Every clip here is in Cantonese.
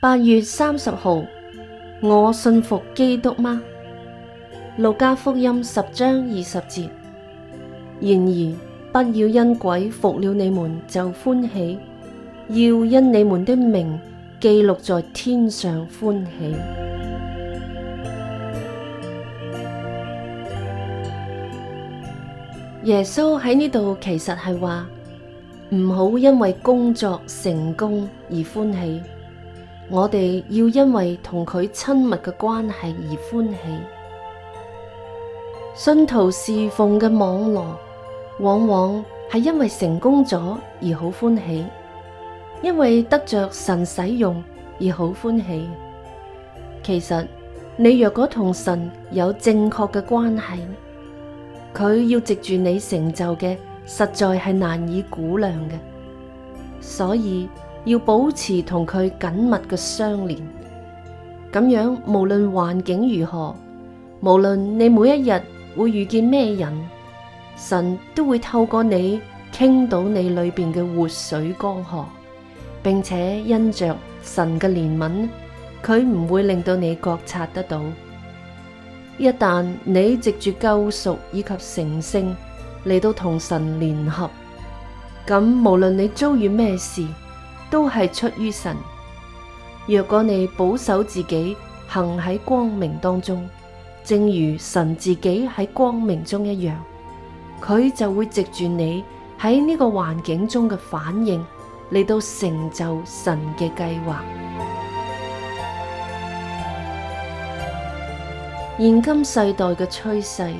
八月三十號，我信服基督嗎？路加福音十章二十節。然而，不要因鬼服了你們就歡喜，要因你們的名記錄在天上歡喜。耶穌喺呢度其實係話，唔好因為工作成功而歡喜。我哋要因為同佢親密嘅關係而歡喜，信徒侍奉嘅網絡，往往係因為成功咗而好歡喜，因為得着神使用而好歡喜。其實你若果同神有正確嘅關係，佢要藉住你成就嘅，實在係難以估量嘅，所以。要保持同佢緊密嘅相連，咁樣無論環境如何，無論你每一日會遇見咩人，神都會透過你傾倒你裏邊嘅活水江河，並且因着神嘅憐憫，佢唔會令到你覺察得到。一旦你藉住救贖以及成聖嚟到同神聯合，咁無論你遭遇咩事。都係出於神。若果你保守自己，行喺光明當中，正如神自己喺光明中一樣，佢就會藉住你喺呢個環境中嘅反應嚟到成就神嘅計劃。現今世代嘅趨勢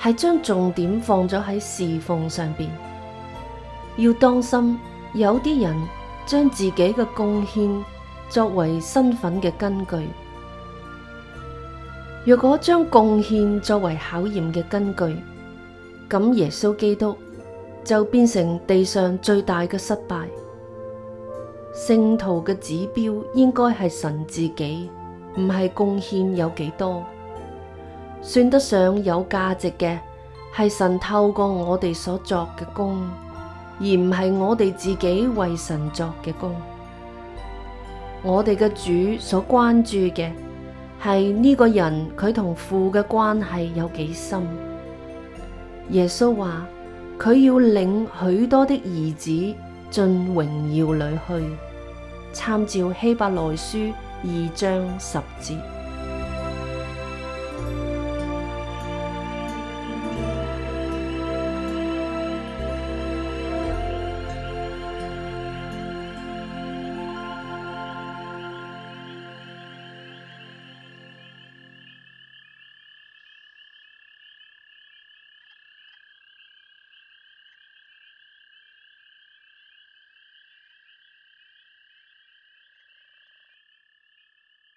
係將重點放咗喺侍奉上邊，要當心有啲人，將自己嘅貢獻作為身份嘅根據，若果將貢獻作為考驗嘅根據，咁耶穌基督就變成地上最大嘅失敗。聖徒嘅指標應該係神自己，唔係貢獻有幾多，算得上有價值嘅係神透過我哋所作嘅工。而唔係我哋自己為神作嘅功。我哋嘅主所關注嘅係呢個人，佢同父嘅關係有幾深。耶穌話佢要領許多的兒子進榮耀裏去，參照希伯來書二章十節。